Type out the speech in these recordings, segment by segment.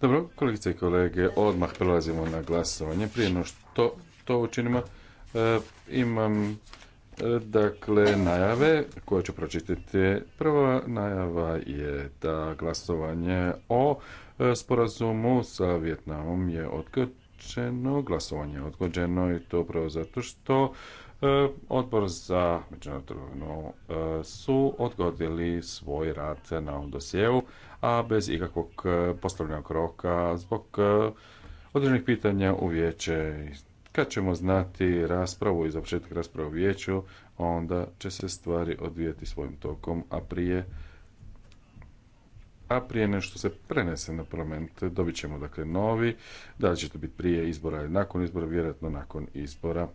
Dobro, kolegice i kolege, odmah prelazimo na glasovanje. Prije no što to učinimo, e, imam e, dakle najave koje ću pročitati. Prva najava je da glasovanje o e, sporazumu sa Vjetnamom je odgođeno, glasovanje je odgođeno i to upravo zato što E, Odbor za međunarodnu e, su odgodili svoj rad na ovom dosjeu, a bez ikakvog e, postavljenog roka zbog određenih pitanja u vijeće. Kad ćemo znati raspravu i završetak rasprave u vijeću, onda će se stvari odvijati svojim tokom, a prije a prije nešto se prenese na parlament, dobit ćemo dakle novi, da li će to biti prije izbora ili nakon izbora, vjerojatno nakon izbora.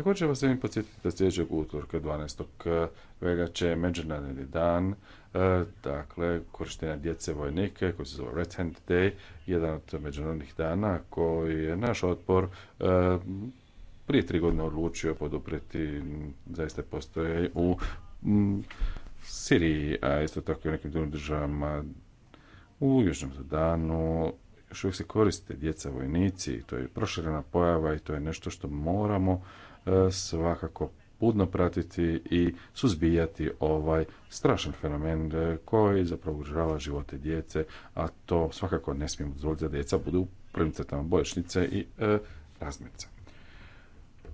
Također vas želim podsjetiti da sljedećeg utorka 12. Eh, veljače Međunarodni dan eh, dakle, korištenja djece vojnike, koji se zove Red Hand Day, jedan od međunarodnih dana koji je naš otpor eh, prije tri godine odlučio podupreti, zaista postoje u mm, Siriji, a isto tako i u nekim drugim državama u Južnom Sudanu, još uvijek se koriste djeca vojnici, to je proširena pojava i to je nešto što moramo e, svakako budno pratiti i suzbijati ovaj strašan fenomen e, koji zapravo ugrožava živote djece, a to svakako ne smijemo dozvoliti da djeca budu u prvim crtama i e, razmice.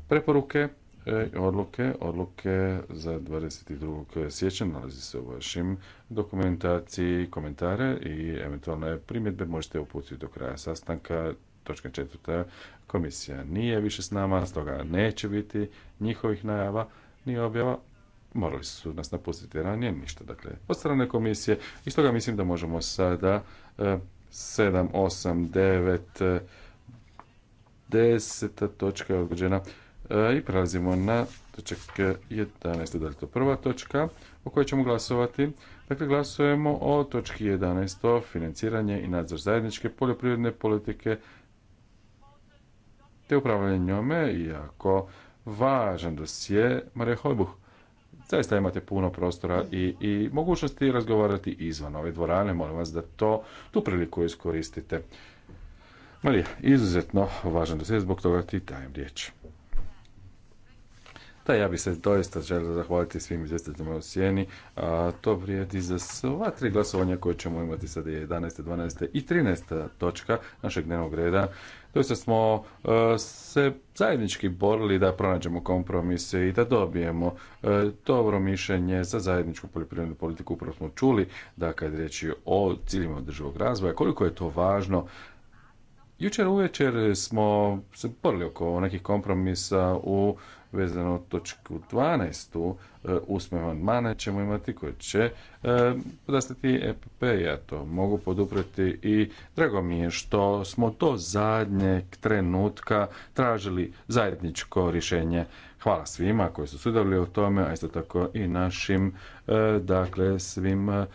Preporuke E, odluke. Odluke za 22. siječnja nalazi se u vašim dokumentaciji, komentare i eventualne primjedbe možete uputiti do kraja sastanka. Točka četvrta, komisija nije više s nama, stoga neće biti njihovih najava ni objava. Morali su nas napustiti ranije, ništa. Dakle, od strane komisije. I stoga mislim da možemo sada 7, 8, 9, 10. točka je odgođena. E, I prelazimo na točak 11. Da li to prva točka o kojoj ćemo glasovati? Dakle, glasujemo o točki 11. Financiranje i nadzor zajedničke poljoprivredne politike te upravljanje njome, iako važan dosje Marija Hojbuh. Zaista imate puno prostora i, i mogućnosti razgovarati izvan ove dvorane. Molim vas da to, tu priliku iskoristite. Marija, izuzetno važan dosje, zbog toga ti dajem riječ. Da, ja bi se doista želio zahvaliti svim izvjestiteljima u Sjeni. A, to vrijedi za sva tri glasovanja koje ćemo imati sada je 11. 12. i 13. točka našeg dnevnog reda. Doista smo e, se zajednički borili da pronađemo kompromise i da dobijemo e, dobro mišljenje za zajedničku poljoprivrednu politiku. Upravo smo čuli da kad je o ciljima održivog razvoja, koliko je to važno, Jučer uvečer smo se borili oko nekih kompromisa u vezano točku 12. E, usme amandmane ćemo imati koji će e, podastati EPP, ja to mogu podupreti i drago mi je što smo to zadnjeg trenutka tražili zajedničko rješenje hvala svima koji su sudjelovali u tome, a isto tako i našim e, dakle svim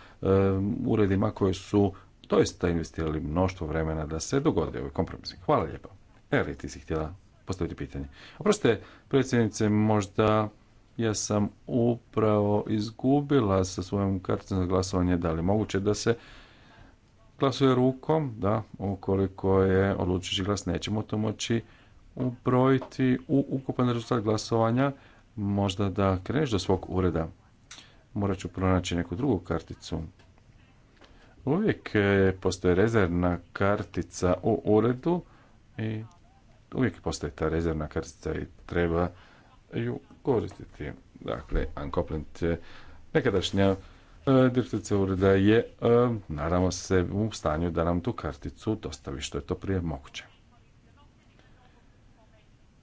uredima koji su doista investirali mnoštvo vremena da se dogodi ovaj kompromis. Hvala lijepo. Evo ti si htjela postaviti pitanje. Oprostite, Predsjednice, možda ja sam upravo izgubila sa svojom karticom za glasovanje. Da li moguće da se glasuje rukom? Da, ukoliko je odlučujući glas nećemo to moći ubrojiti u ukupan rezultat glasovanja. Možda da kreneš do svog ureda. Morat ću pronaći neku drugu karticu. Uvijek postoji rezervna kartica u uredu i uvijek postoji ta rezervna kartica i treba ju koristiti. Dakle, Ankoplent je nekadašnja e, direktorica ureda je e, naravno se u stanju da nam tu karticu dostavi što je to prije moguće.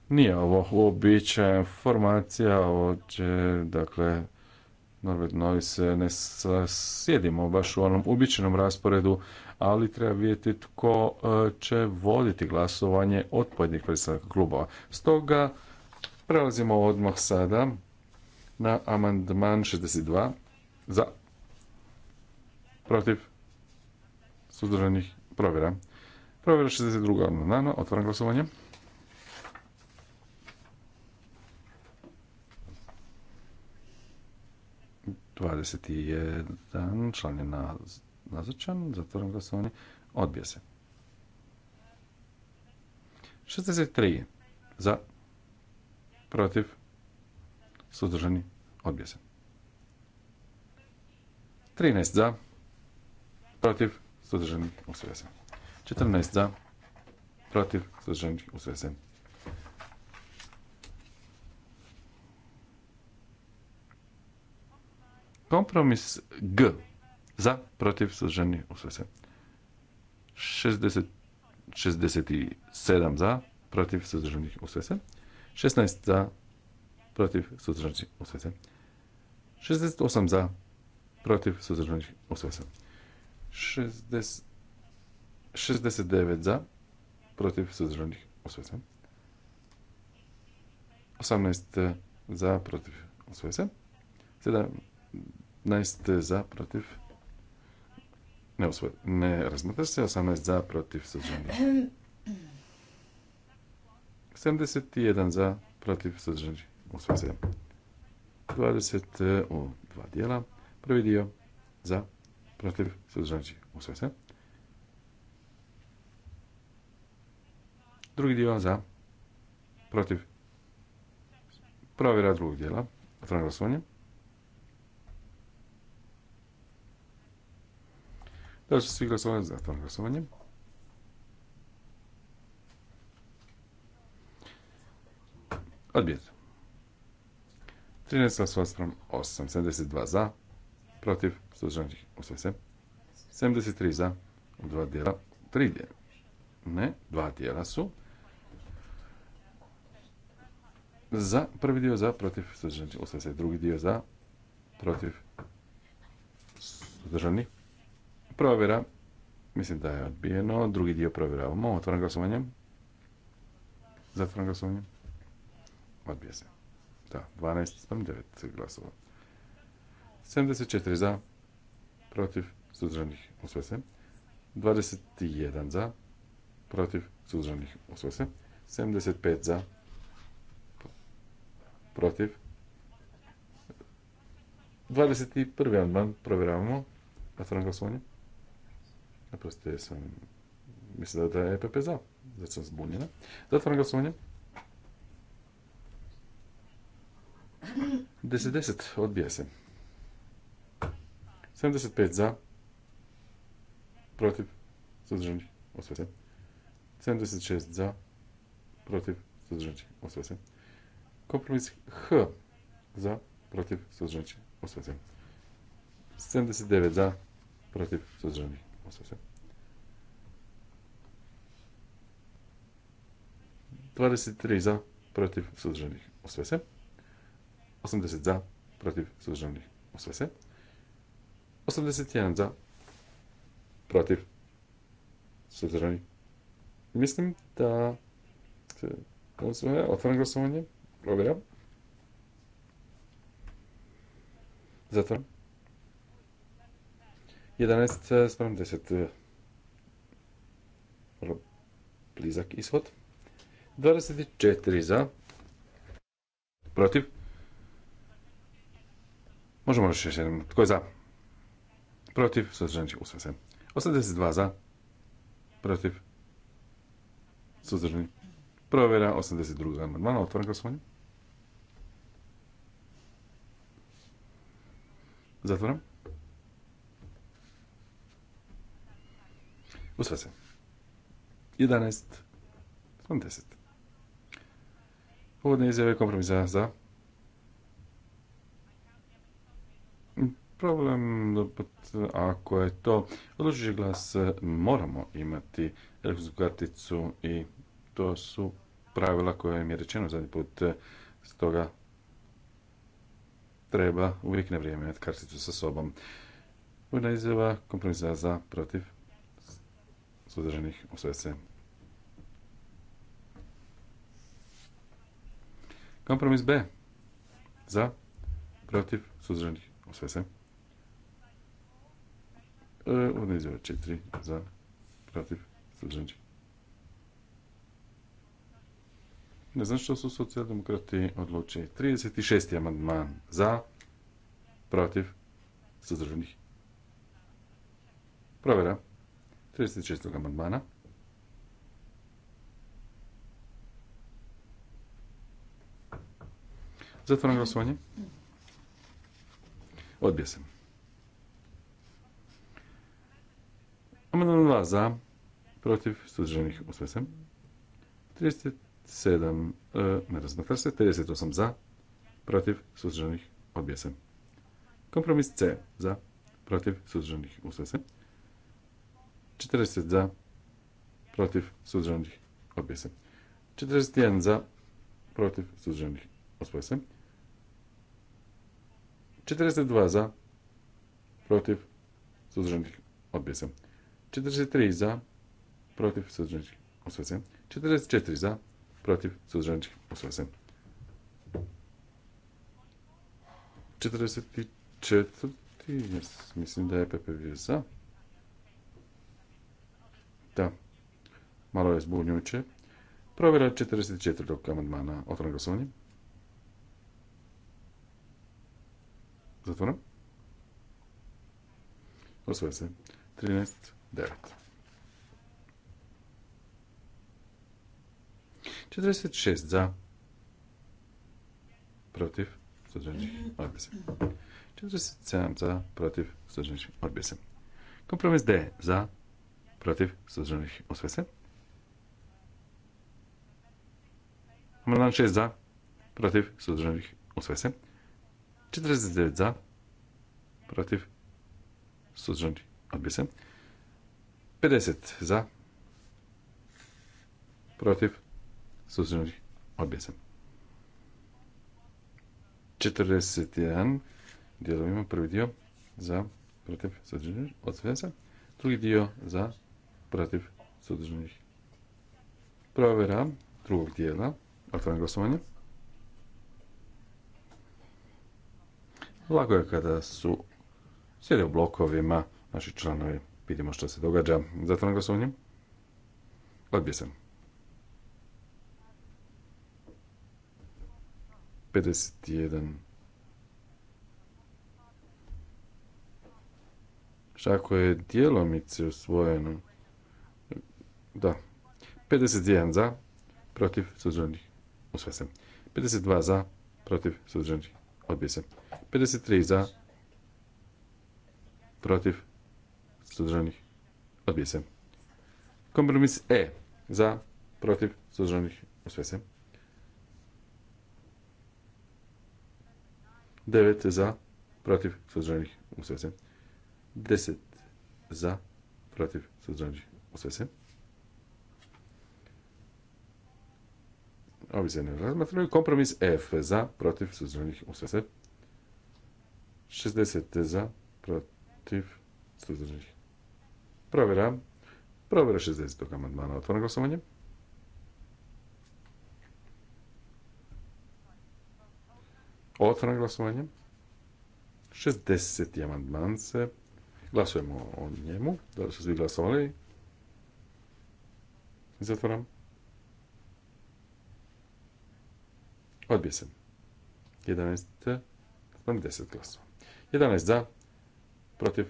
Nije ovo uobičajena formacija će, dakle, Norbert Novi se ne sjedimo baš u onom uobičajenom rasporedu ali treba vidjeti tko e, će voditi glasovanje od pojedinih predstavnika klubova. Stoga prelazimo odmah sada na amandman 62 za protiv suzdržanih provjera. Provjera 62. amandmana, otvaram glasovanje. Dvadeset jedan član je na nazočan, da glasovanje, odbija se. 63 za, protiv, sudržani, odbija se. 13 za, protiv, sudržani, usvaja se. 14 za, protiv, suzdržani, Kompromis se. Kompromis G za, protiv, suzdržani, usvoje se. 60, 67 za, protiv, suzdržanih, usvoje se. 16 za, protiv, suzdržanih, usvoje se. 68 za, protiv, suzdržanih, usvoje se. 69 za, protiv, suzdržanih, usvoje se. 18 za, protiv, usvoje se. 17 za, protiv, ne, usvoj, ne razmatra se, 18 za, protiv, suzdržani. 71 za, protiv, suzdržani. Usvoj se. 20 e, u dva dijela. Prvi dio za, protiv, suzdržani. Usvoj se. Drugi dio za, protiv, provjera drugog dijela. Otvoreno glasovanje. Da su svi glasovanje za tom glasovanjem. Odbijete. 13 glasova sprem 8. 72 za, protiv, suzdržanih, 73 za, u dva dijela, tri dijela. Ne, dva dijela su. Za, prvi dio za, protiv, suzdržanih, Drugi dio za, protiv, suzdržanih, Provjera. Mislim da je odbijeno. Drugi dio provjeravamo. Otvoram glasovanje. Zatvoram glasovanje. Odbija se. Da, 12 9 glasova. 74 za, protiv, suzdržanih, usvoje 21 za, protiv, suzdržanih, usvoje 75 za, protiv. 21. amandman provjeravamo. Otvoram glasovanje. Naprosto sam, mislim da je EPP za, zato sam zbunjena. Zatvaram glasovanje. 10-10, odbija se. 75 za, protiv, suzdržani, osve se. 76 za, protiv, suzdržani, osve se. Kompromis H za, protiv, suzdržani, osve 79 za, protiv, suzdržani, 23 za, protiv suzdržanih usve se. 80 za, protiv suzdržanih usve se. 81 za, protiv suzdržanih. Mislim da se otvoren glasovanje, provjeram. 11 eh, eh, Vrlo blizak ishod. 24 za. Protiv. Možemo još još jednom. Tko je za? Protiv. suzdržan će usve se. 82 za. Protiv. Suzdržan. Provjera 82. Normalno. Otvoren glasovanje. Zatvoram. Usve se. 11. 10. Uvodne izjave kompromisa za. Problem, ako je to odlučujući glas, moramo imati elektronsku karticu i to su pravila koje im je rečeno zadnji put. Stoga treba uvijek na vrijeme karticu sa sobom. Uvodna izjava kompromisa za protiv suzdržanih u sve Kompromis B. Za, protiv, suzdržanih u sve se. 4. E, za, protiv, suzdržanih. Ne znam što su socijaldemokrati odlučili. 36. amandman za, protiv, suzdržanih. Provera. 36. amandmana. Zatvoram glasovanje. Odbija se. Amandman 2 za, protiv, suzdržanih, usvoje 37, e, ne razmatra se, 38 za, protiv, suzdržanih, odbija se. Kompromis C za, protiv, suzdržanih, usvoje 40 za, protiv suzdržanih odbija 41 za, protiv suzdržanih odbija 42 za, protiv suzdržanih odbija 43 za, protiv suzdržanih odbija 44 za, protiv suzdržanih odbija se. 44. Mislim da je PPV za. Da, malo je zbunjujuće. Provjera 44. amandmana. Otvoram glasovanje. Zatvoram. Osvoje se. 13, 9. 46 za. Protiv. Suzdržanih. Odbija se. 47 za. Protiv. Suzdržanih. Odbija se. Kompromis D. Za protiv suzdržanih osve se. Amandman 6 za, protiv suzdržanih osve se. 49 za, protiv suzdržanih odbije se. 50 za, protiv suzdržanih odbije se. 41 dijelovima prvi dio za protiv suzdržanih odbije se. Drugi dio za protiv sudržnih. provera drugog dijela, otvoreno glasovanje. Lako je kada su sjede u blokovima naši članovi. Vidimo što se događa. Zatvoreno glasovanje. Odbije se. 51. Šako je dijelomice usvojeno. Da. 51 za, protiv suzdržanih. Usve 52 za, protiv suzdržanih. Odbije 53 za, protiv suzdržanih. Odbije se. Kompromis E za, protiv suzdržanih. Usve se. 9 za, protiv suzdržanih. Usve 10 za, protiv suzdržanih. Usve Ovi se ne razmatraju. Kompromis F za, protiv, suzdržanih, usvaja 60 za, protiv, suzdržanih. Provjeram. Provjera 60. amandmana. Otvoreno glasovanje. Otvoreno glasovanje. 60. amandman se. Glasujemo o njemu. Da li su svi glasovali? Zatvoram. Odbije se. 11 spram 10 glasova. 11 za, protiv,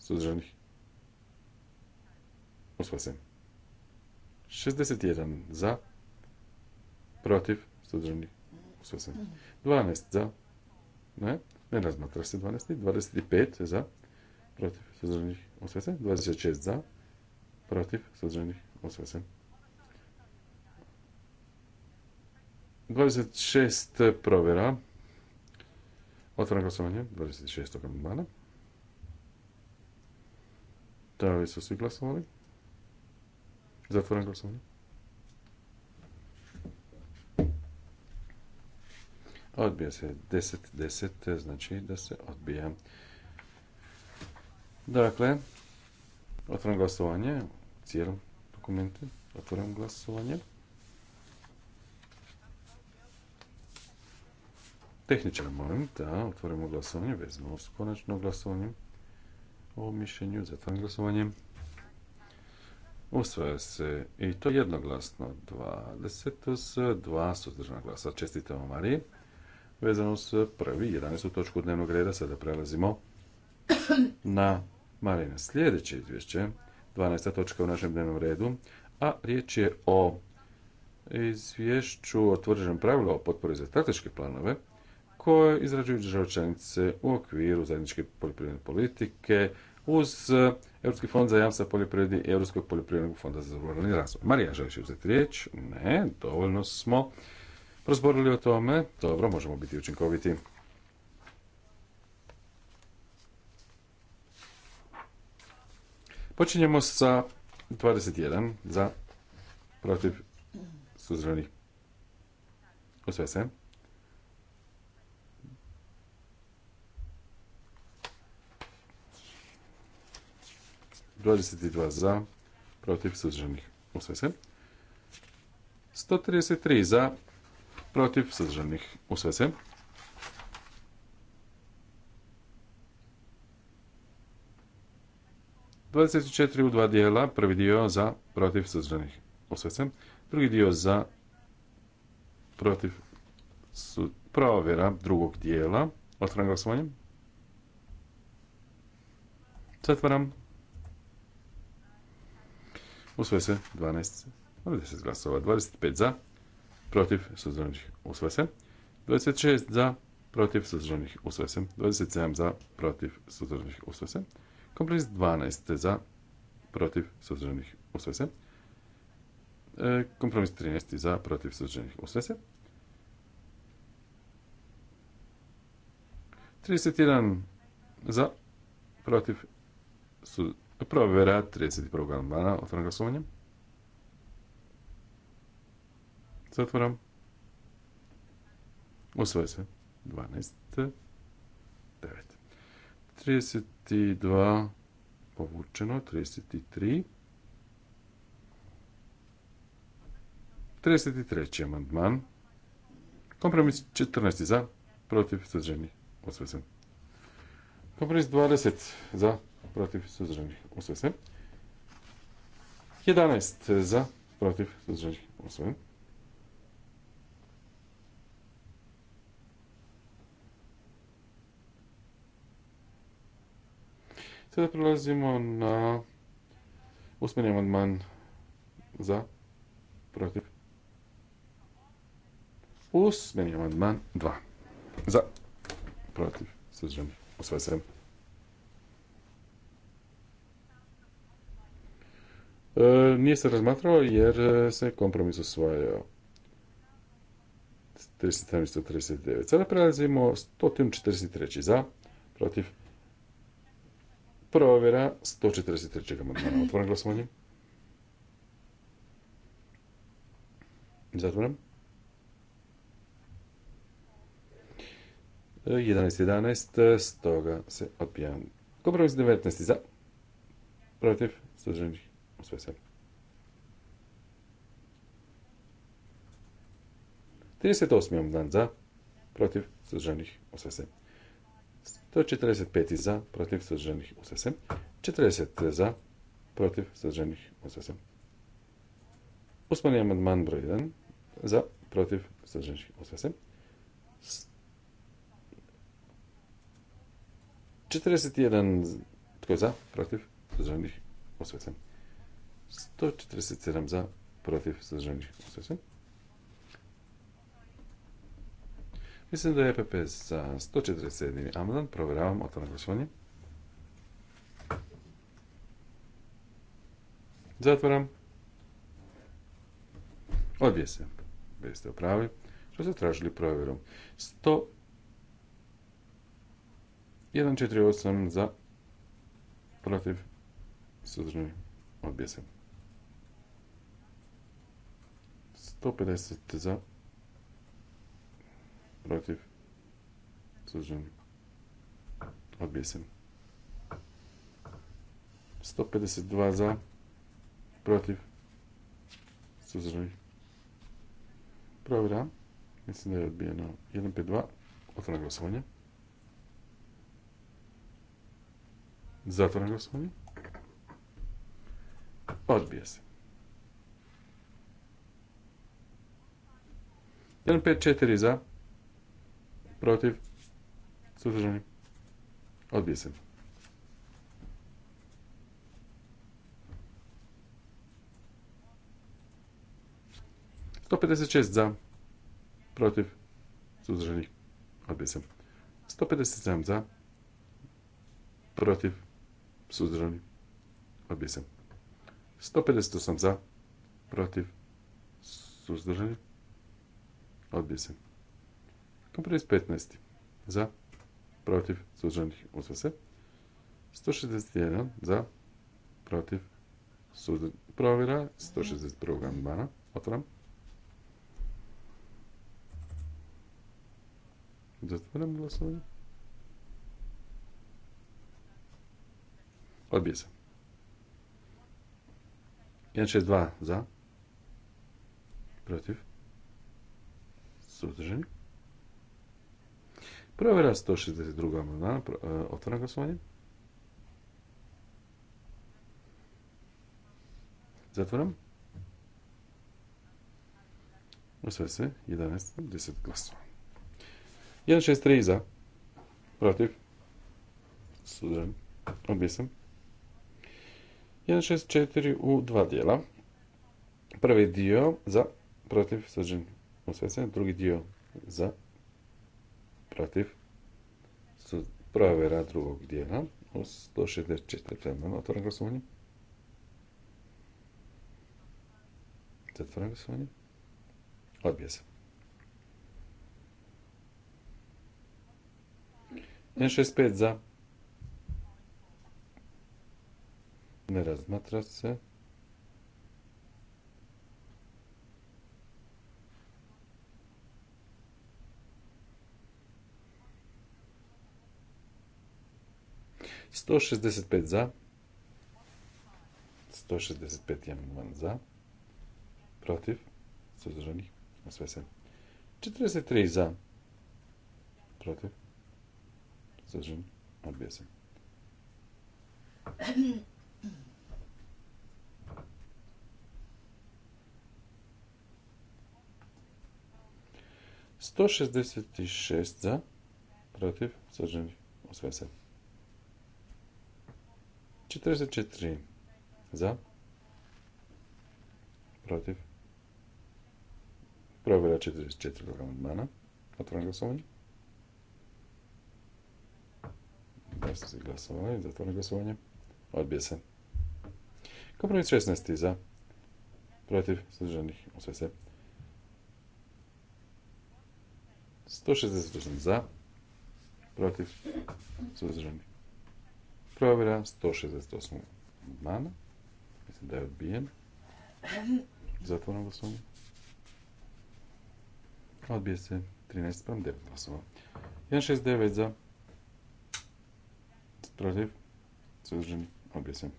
suzdržanih. Usva se. 61 za, protiv, suzdržanih. os se. 12 za, ne, ne razmatra se 12, 25 za, protiv, suzdržanih. Usva se. 26 za, protiv, suzdržanih. Usva se. 26 provjera. Otvoreno glasovanje, 26. amandmana. Da li su svi glasovali? Zatvoreno glasovanje. Odbija se 10, 10, znači da se odbija. Dakle, otvoreno glasovanje cijelom dokumentu. Otvoreno glasovanje. Tehničara molim da otvorimo glasovanje vezano uz konačno glasovanjem o mišljenju. to glasovanjem. Usvaja se i to jednoglasno 20 s 2 suzdržana glasa. Čestitamo Mariji. Vezano s prvi 11. točku dnevnog reda sada prelazimo na Marina. Sljedeće izvješće, 12. točka u našem dnevnom redu, a riječ je o izvješću o tvrđenom pravilu o potpori za strateške planove koje izrađuju države članice u okviru zajedničke poljoprivredne politike uz e, Europski fond za jamstva poljoprivredi i Europskog poljoprivrednog fonda za ruralni razvoj. Marija, želiš uzeti riječ? Ne, dovoljno smo prozborili o tome. Dobro, možemo biti učinkoviti. Počinjemo sa 21 za protiv suzranih. Usve 22 za, protiv suzdržanih. Usvaja 133 za, protiv suzdržanih. Usvaja 24 u dva dijela, prvi dio za protiv suzdržanih. Usvaja Drugi dio za protiv su, provjera drugog dijela. Otvaram glasovanje. Zatvaram. Usvoje se 12, se glasova, 25 za, protiv suzdržanih usvoje se, 26 za, protiv suzdržanih usvoje se, 27 za, protiv suzdržanih usvoje se, kompromis 12 za, protiv suzdržanih usvoje se, e, kompromis 13 za, protiv suzdržanih usvoje se, 31 za, protiv suzdržanih Provjera 31. amandmana. Otvaram glasovanje. Zatvaram. Usvaja se. 12. 9. 32. Povučeno. 33. 33. amandman. Kompromis 14. za. Protiv. Sadženi. Usvaja se. Kompromis 20. za protiv suzdržanih usvoje se. 11 za, protiv suzdržanih usvoje. Sada prelazimo na usmjeni amandman za, protiv. Usmjeni amandman 2. Za, protiv, suzdržani, usvoje sve. E, nije se razmatrao jer e, se kompromis usvojio. 37.139. Sada prelazimo 143. za, protiv, provjera 143. amandmana. Otvoram glasovanje. Zatvoram. E, 11.11. Stoga se odbijam. Kompromis 19. za, protiv, suženih sve 38. dan za, protiv, suzdržanih, usve 145. za, protiv, suzdržanih, usve 40. za, protiv, suzdržanih, usve se. Usmani amandman broj 1 za, protiv, suzdržanih, usve 41. Tko je za, protiv, suzdržanih, usve 147 za, protiv sržanih usvaja Mislim da je EPP za 147. amandman. Provjeravam otvorno glasovanje. Zatvaram. Odbije se. Bili ste upravi. Što ste tražili provjerom? 100. 148 za protiv suzdržani odbije se. 150 za, protiv, suzdržani, odbije se. 152 za, protiv, suzdržani. Provjeram, mislim da je odbijeno 152, otvoreno glasovanje. Zatvoreno glasovanje. Odbije se. 154 za, protiv, suzdržani, odbije 156 za, protiv, suzdržani, odbije 157 za, protiv, suzdržanih. odbije 158 za, protiv, suzdržani, Odbije se. Kompromis 15. Za. Protiv. Suzdržanih. Usva se. 161. Za. Protiv. Suzdržanih. Provjera 161. amandmana. otvoram. Zatvoram glasovanje. Odbije se. 162 za. Protiv suzdržani. Provjera 162. amandmana, e, otvoram glasovanje. Zatvoram. Osve se, 11, 10 glasova. 163 za, protiv, suzdržani, odbio 164 u dva dijela. Prvi dio za, protiv, Sudan usvojeno. Drugi dio za, protiv, su rad drugog dijela u 164. Otvoren Otvoram glasovanje. Zatvoram glasovanje. Odbija se. N65 za. Ne razmatra se. 165 za, 165 amandman za, protiv, suzdržanih, sve se. 43 za, protiv, suzdržan, odbija se. Sto šestdeset šest za, protiv, suzdržanih, osvesen. 44 za, protiv, provjera 44. amandmana, otvoreno glasovanje. Da ste glasovali, zatvoren glasovanje, odbije se. Kompromis 16 za, protiv, sadržanih osve se. 168 za, protiv, sadržanih Provjera 168. Mana. Mislim da je odbijen. Zatvorno glasovanje. Odbije se 13 pram 9 169 za. Protiv. Suzdržani. Odbije se.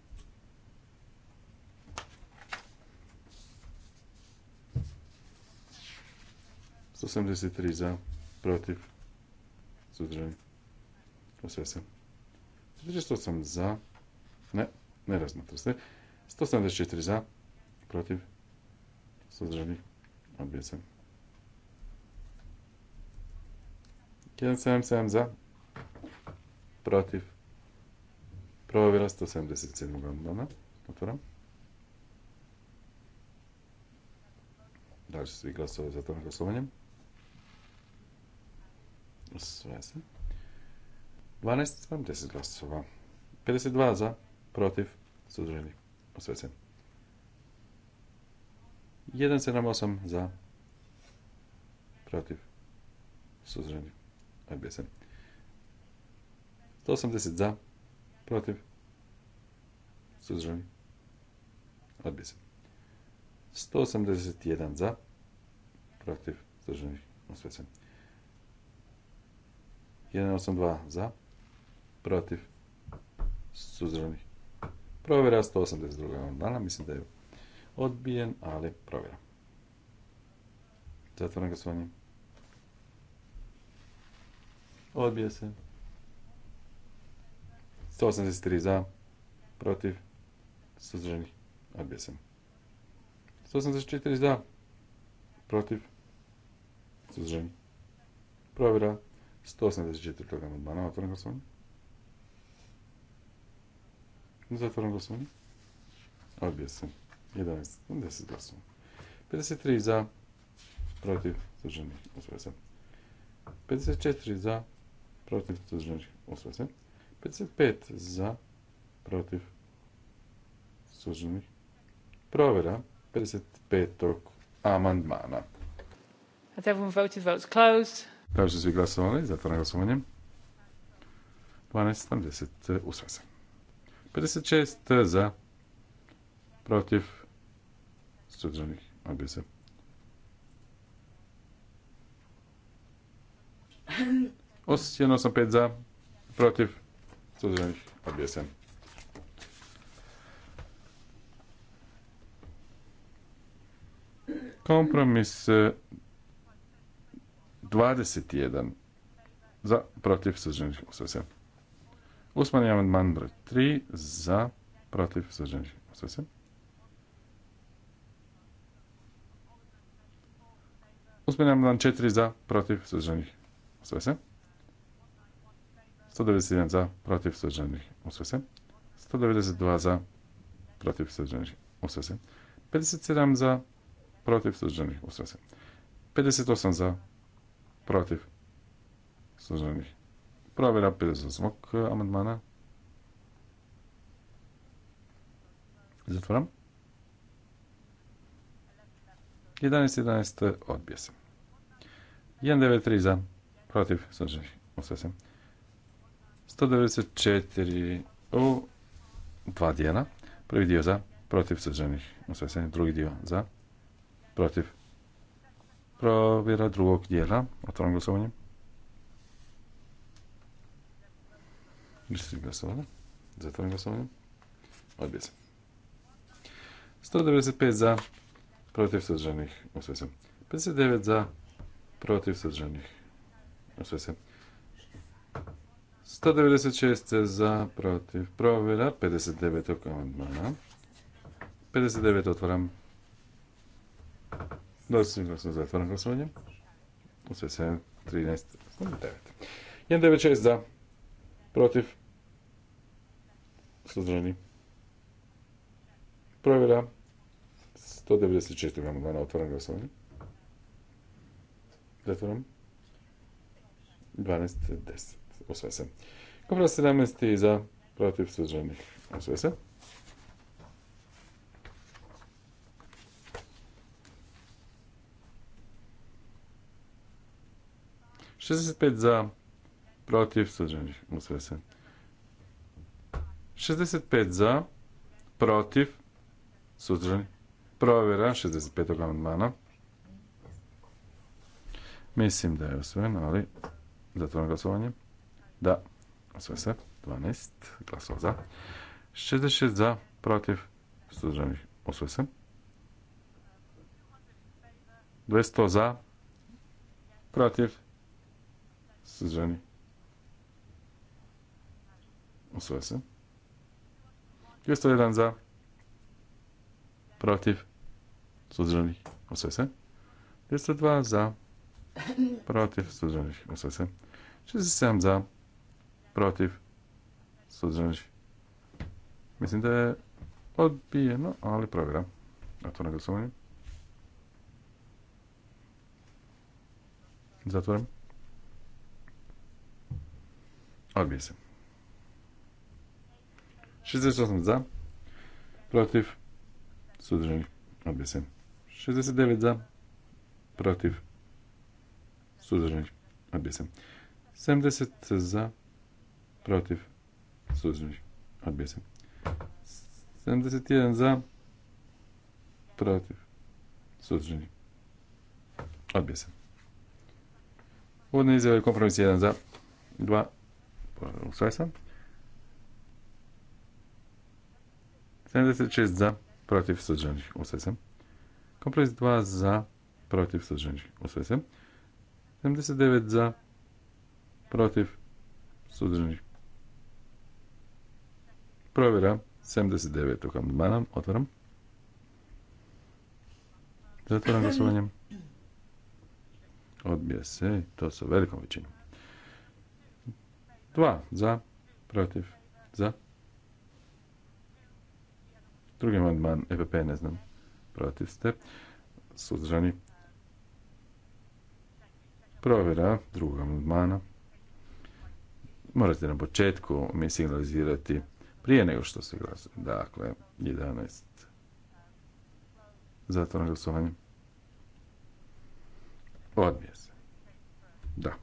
za, protiv, cu osve se. 48 za, ne, ne razmatra se. 174 za, protiv, suzdržani, odbija se. 177 za, protiv, provjera 177. amandmana, otvoram. Da li su svi glasovali za to glasovanjem? Sve se. 12 spram 10 glasova. 52 za, protiv, suzdržani, osvecen. 178 za, protiv, suzdržani, odbjesen. 180 za, protiv, suzdržani, odbjesen. 181 za, protiv, suzdržani, osvecen. 182 za, protiv, suzdržanih. Provjera 182. dana mislim da je odbijen, ali provjera. Zatvoren glasovanje. Odbija se. 183 za, protiv, suzdržanih. Odbija se. 184 za, protiv, suzdržanih. Provjera 184. amandmana, otvoren glasovanje. Zatvoram glasovanje. Odbija se. 11, 10 53 za, protiv, suženih usvaja 54 za, protiv, suženih usvaja 55 za, protiv, suženih Provera 55. amandmana. Has everyone voted? Votes closed. Da svi glasovali? Zatvaram glasovanje. 12, 10, usvaja se. 56 za, protiv, suzdržanih, odbija se. pet za, protiv, suzdržanih, odbija Kompromis 21 e, za, protiv, suzdržanih, odbija Usmani amandman broj 3 za protiv suzdržanih usvaja se. amandman 4 za protiv suzdržanih osvese 191 za protiv suzdržanih Osvese. 192 za protiv suzdržanih usvaja 57 za protiv suzdržanih usvaja 58 za protiv suzdržanih Provjera za zvuk e, amandmana. Zatvoram. 11.11. 11, odbija se. 1.93 za. Protiv. Sržaj. Ostaje se. 194 u dva dijela. Prvi dio za, protiv srđanih osvesenja, drugi dio za, protiv provjera drugog dijela, Otvorim glasovanjem. Vršite glasovanje. Zatvorim glasovanje. Odbija se. 195 za, protiv sadržanih. se. 59 za, protiv suzdržanih, se. 196 za, protiv provjera, 59 oko 59 otvoram. Dosim glasno, zatvaram glasovanje. Usve se 13, 9. 196 za, protiv Suzdržani. Provjera. 194. amandmana otvaram glasovanje. Zatvoram. 12, 10. Osvaja se. 17. za protiv suzdržanih. Osvaja se. Šestdeset pet za protiv suzdržanih. sve se. 65 za, protiv, suzdržani. Provjera 65. amandmana. Mislim da je osvojen, ali zatvorno glasovanje. Da, osvoje se. 12 glasova za. 66 za, protiv, Suzdržani. Osvoje se. 200 za, protiv, suzdržani. Osvoje se. 201 za. Protiv. Suzdržanih. Usve se. 202 za. Protiv. Suzdržanih. Usve se. 67 za. Protiv. Suzdržanih. Mislim da je odbijeno, ali provjeram. Otvoram glasovanje. Zatvorim. Odbije se. 68 za, protiv, suzdržani, odbija se. 69 za, protiv, suzdržani, odbija se. 70 za, protiv, suzdržani, odbija se. 71 za, protiv, suzdržani, odbija se. Uvodne izjave kompromis 1 za, 2, usvaj sam. 76 za, protiv suzdržanih u se. Kompromis 2 za, protiv suzdržanih u 79 za, protiv suzdržanih. Provjera 79. amandmana. Otvaram. Zatvoram glasovanje. Odbija se, to sa velikom većinom. 2 za, protiv, za, Drugi amandman EPP, ne znam, protiv ste, suzdržani. Provjera drugog amandmana. Morate na početku mi signalizirati prije nego što se glasa. Dakle, 11. Zato na glasovanje. Odbije se. Da.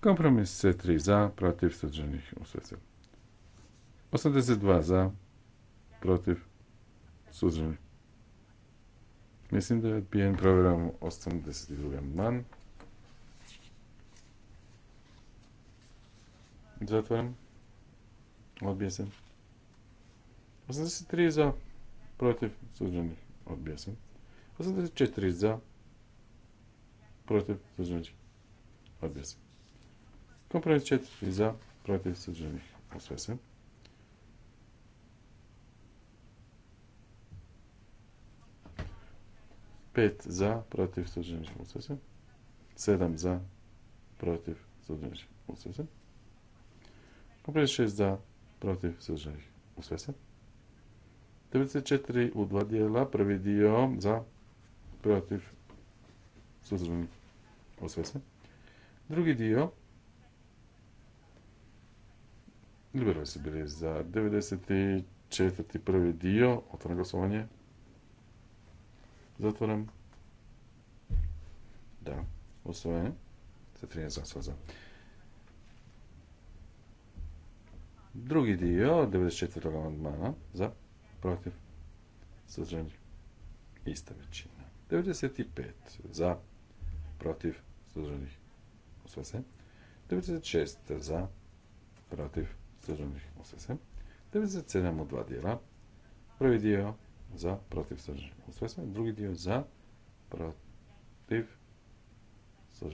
Kompromis se 3 za, protiv sudržanih u sve. 82 za, protiv, suzdržani. Mislim da je odbijen, provjeram 82. man. Zatvaram. Odbije se. 83 za, protiv, suzdržanih. Odbije se. 84 za, protiv, suzdržanih. Odbije se. Kompromis 4 za, protiv, suzdržanih. Osve 5 za, protiv, suzdržani, usvaja 7 za, protiv, suzdržani, usvesa. 6 za, protiv, suzdržani, usvesa. 94 u dva dijela, prvi dio za, protiv, suzdržani, usvesa. Drugi dio, liberali su bili za 94. prvi dio, otvoreno glasovanje, Zatvoram. Da, usvojeno. Sa 13 glasova za. Drugi dio, 94. amandmana, za, protiv, suzdržan, ista većina. 95 za, protiv, suzdržanih, usvaja se. 96 za, protiv, suzdržanih, usvaja se. 97 u dva dijela. Prvi dio, za, protiv, Sve sve drugi dio za, protiv, sve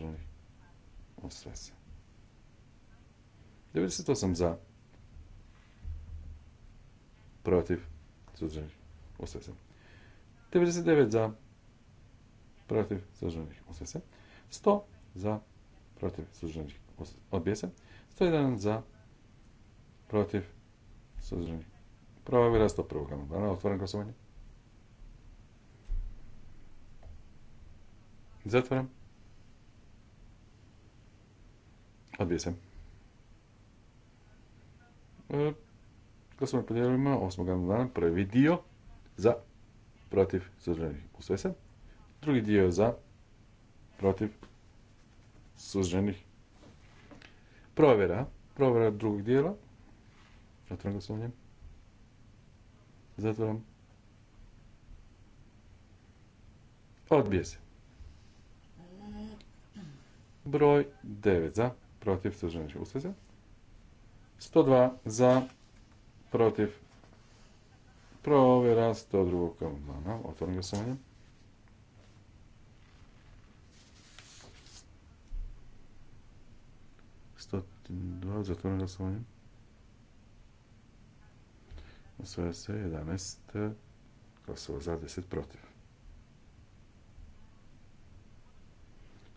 Usvojeno. 98 za, protiv, sve Usvojeno. 99 za, protiv, sve Usvojeno. 100 za, protiv, sržanih Odbije se. 101 za, protiv, sržanih Prava je 101. Otvoren glasovanje. Zatvaram. Odbije se. E, smo po osam osmog amandmana, prvi dio za, protiv, suženih usvesa. Drugi dio za, protiv, suženih Provjera, provjera drugog dijela. ga glasovanje. Zatvaram. Odbije se broj 9 za, protiv, suženičke usvaja 102 za, protiv, provjera 102. amandmana, otvorim glasovanje. Dva, zatvorim glasovanje. Osvoja se 11 glasova za, 10 protiv.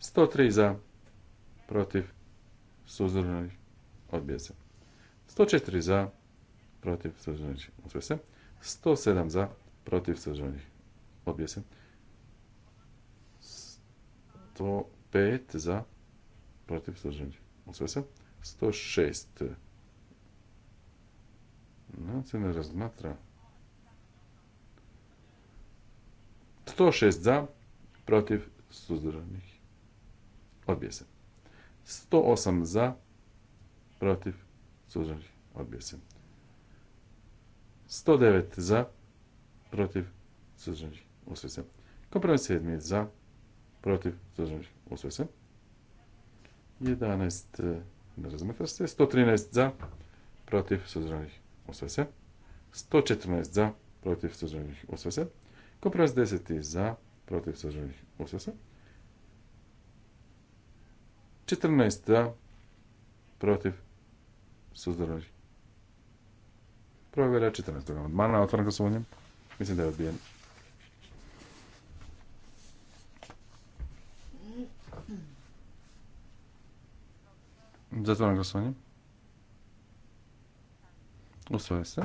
103 za, protiv, suzdržanih, odbija 104 za, protiv, suzdržanih, 107 za, protiv, suzdržanih, odbija 105 za, protiv, suzdržanih, 106 no, razmatra. 106 za, protiv, suzdržanih. Odbije 108 za, protiv, suzdržani, odbio 109 za, protiv, suzdržani, usvoje se. Kompromis 7 za, protiv, suzdržani, usvoje se. 11, eh, ne razmetar 113 za, protiv, suzdržani, usvoje 114 za, protiv, suzdržani, usvoje se. Kompromis 10 za, protiv, suzdržani, usvoje 14 da protiv, suzdržani. je 14. amandmana, otvoren glasovanje. Mislim da je odbijen. Zatvoren glasovanje. Usvoje se.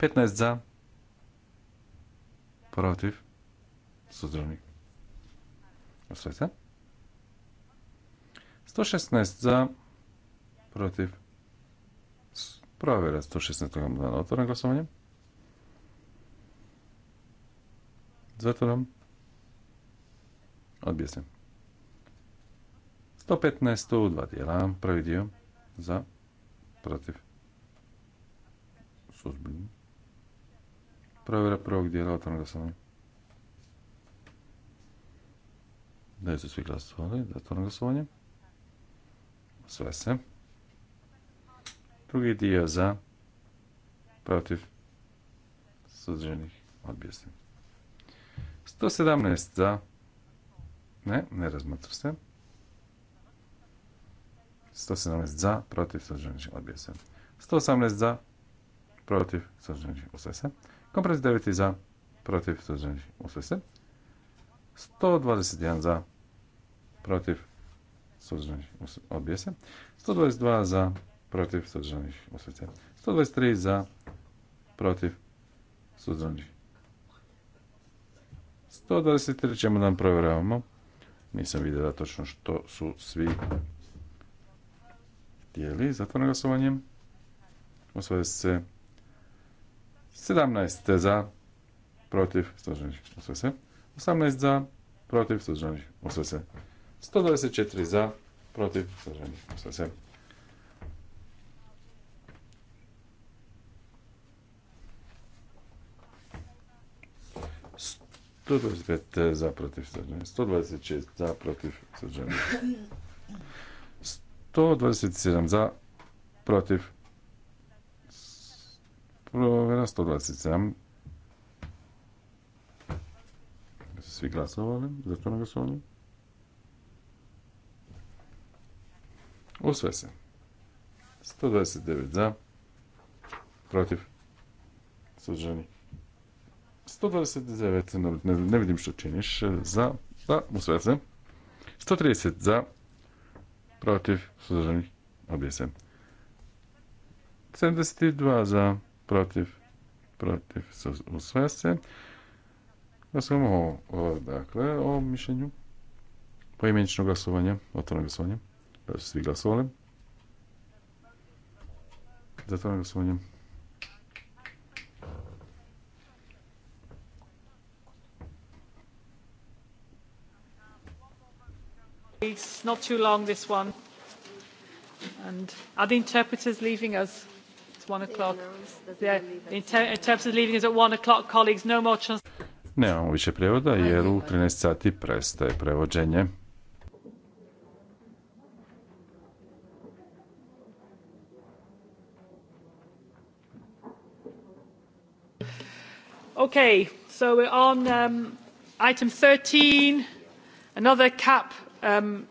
15 za, protiv, sudranik Usvoje se. 116 za, protiv, provjera 116. amandmana. Otvoram glasovanje. Zato Odbija 115 u dva dijela. Prvi dio za, protiv, suzbiljno. Provjera prvog dijela, otvoram glasovanje. Da su svi glasovali, zatvoram glasovanje. Sve se. Drugi dio za. Protiv. Suđenih. odbjesni. 117 za. Ne, ne razmatru se. 117 za, protiv, suđenih. odbjesni. 118 za, protiv, suđenih. Usve Kompres 9 za, protiv, suđenih. Usve 121 za, protiv, suzdržanih odbije se. 122 za, protiv suzdržanih usvaja 123 za, protiv suzdržanih. 123 ćemo nam provjeravamo. Nisam vidio da točno što su svi htjeli. Zatvorno glasovanje. Osvode se 17 za, protiv suzdržanih usvaja se. 18 za, protiv suzdržanih usvaja se. 124 za, protiv, suzdržani, usvaja 125 za protiv suzdržani, 126 za protiv suzdržani, 127 za protiv provjera 127 svi glasovali za to na glasovanje sve se. 129 za. Protiv. Suđeni. 129, ne, ne vidim što činiš. Za. Da, se. 130 za. Protiv. Suđeni. Obje 72 za. Protiv. Protiv. Usve se. Glasujemo o, dakle, o mišljenju poimenično glasovanje, otvoreno glasovanje. Svi glasovali? Zatvaram glasovanje. It's not too long this one. And are the interpreters leaving us? It's one o'clock. Yeah, the inter interpreters leaving us at one o'clock, colleagues. No more chance. Nemamo više prevoda jer u 13 sati prestaje prevođenje. Okay, so we're on um, item 13, another CAP um,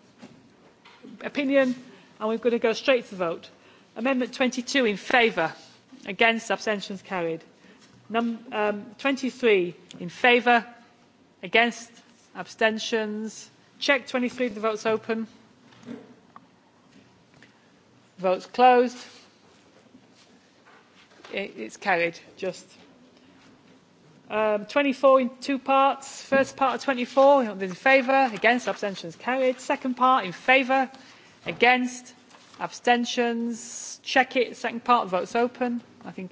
opinion, and we're going to go straight to the vote. Amendment 22 in favour, against, abstentions carried. Num um, 23 in favour, against, abstentions. Check 23, the vote's open. Vote's closed. it's carried, just Um, 24 in two parts. First part of 24, in favour, against, abstentions carried. Second part, in favour, against, abstentions. Check it. Second part, votes open. I think.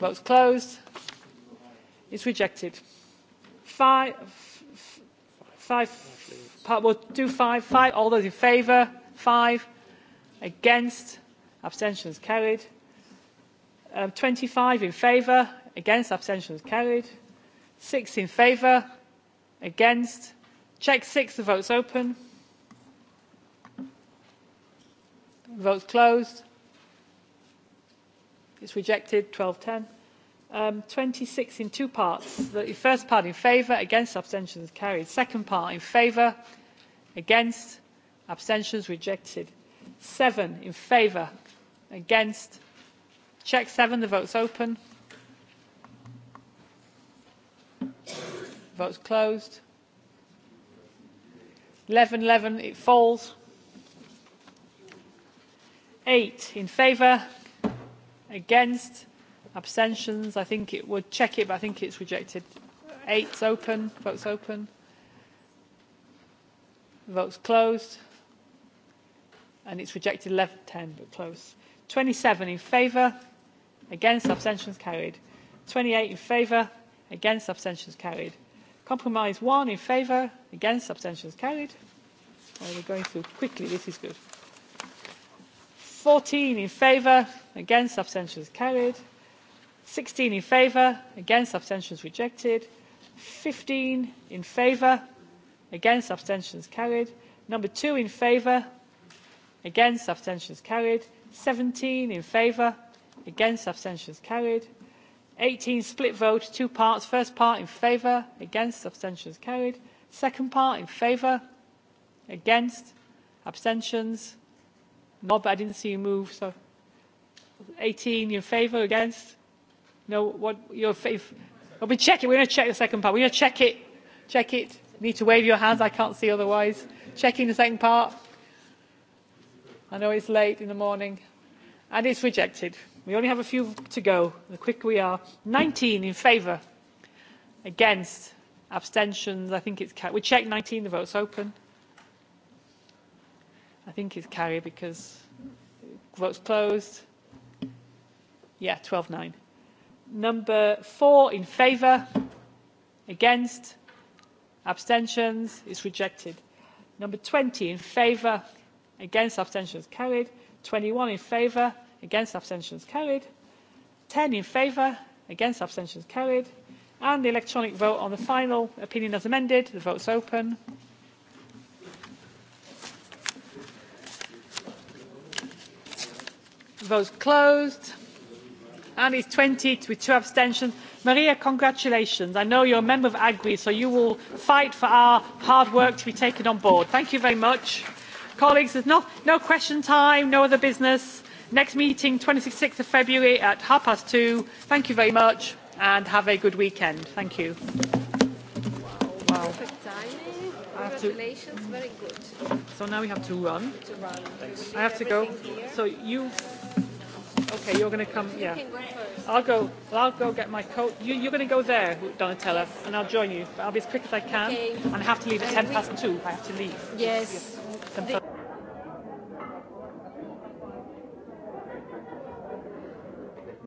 Votes closed. It's rejected. Five, five, part, we'll do five, five. All those in favour, five, against, abstentions carried. Um, 25 in favour, against, abstentions carried. 6 in favour, against. Check 6, the vote's open. Vote's closed. It's rejected, 1210. Um, 26 in two parts. The first part in favour, against, abstentions carried. Second part in favour, against, abstentions rejected. 7% in favour, against, Check seven. The vote's open. Vote's closed. 11, 11, it falls. Eight in favour, against, abstentions. I think it would check it, but I think it's rejected. Eight's open. Vote's open. Vote's closed. And it's rejected 11, 10, but close. 27 in favour against abstentions carried. twenty eight in favour against abstentions carried. compromise one in favour against abstentions carried. Oh, we're going through quickly this is good. fourteen in favour against abstentions carried. sixteen in favour against abstentions rejected. fifteen in favour against abstentions carried. number two in favour against abstentions carried. seventeen in favour against abstentions carried 18 split vote two parts first part in favour against abstentions carried second part in favour against abstentions no i didn't see you move so 18 in favour against no what your faith be checking we're going to check the second part we're going to check it check it need to wave your hands i can't see otherwise checking the second part i know it's late in the morning and it's rejected we only have a few to go the quicker we are 19 in favour against abstentions i think it's carried we check 19 the vote's open i think it's carried because votes closed yeah 12 9 number four in favour against abstentions is rejected number 20 in favour against abstentions carried 21 in favour against abstentions carried 10 in favour against abstentions carried and the electronic vote on the final opinion as amended the vote's open the vote's closed and it's 20 with two abstentions maria congratulations i know you're a member of agri so you will fight for our hard work to be taken on board thank you very much colleagues there's no, no question time no other business Next meeting, 26th of February at half past two. Thank you very much and have a good weekend. Thank you. Wow. Perfect timing. Congratulations, very good. So now we have to run. I have to go. So you, okay, you're gonna come. yeah. I'll go. I'll go get my coat. You, you're gonna go there, Donatella, and I'll join you. But I'll be as quick as I can. And I have to leave at ten past two. I have to leave. yes.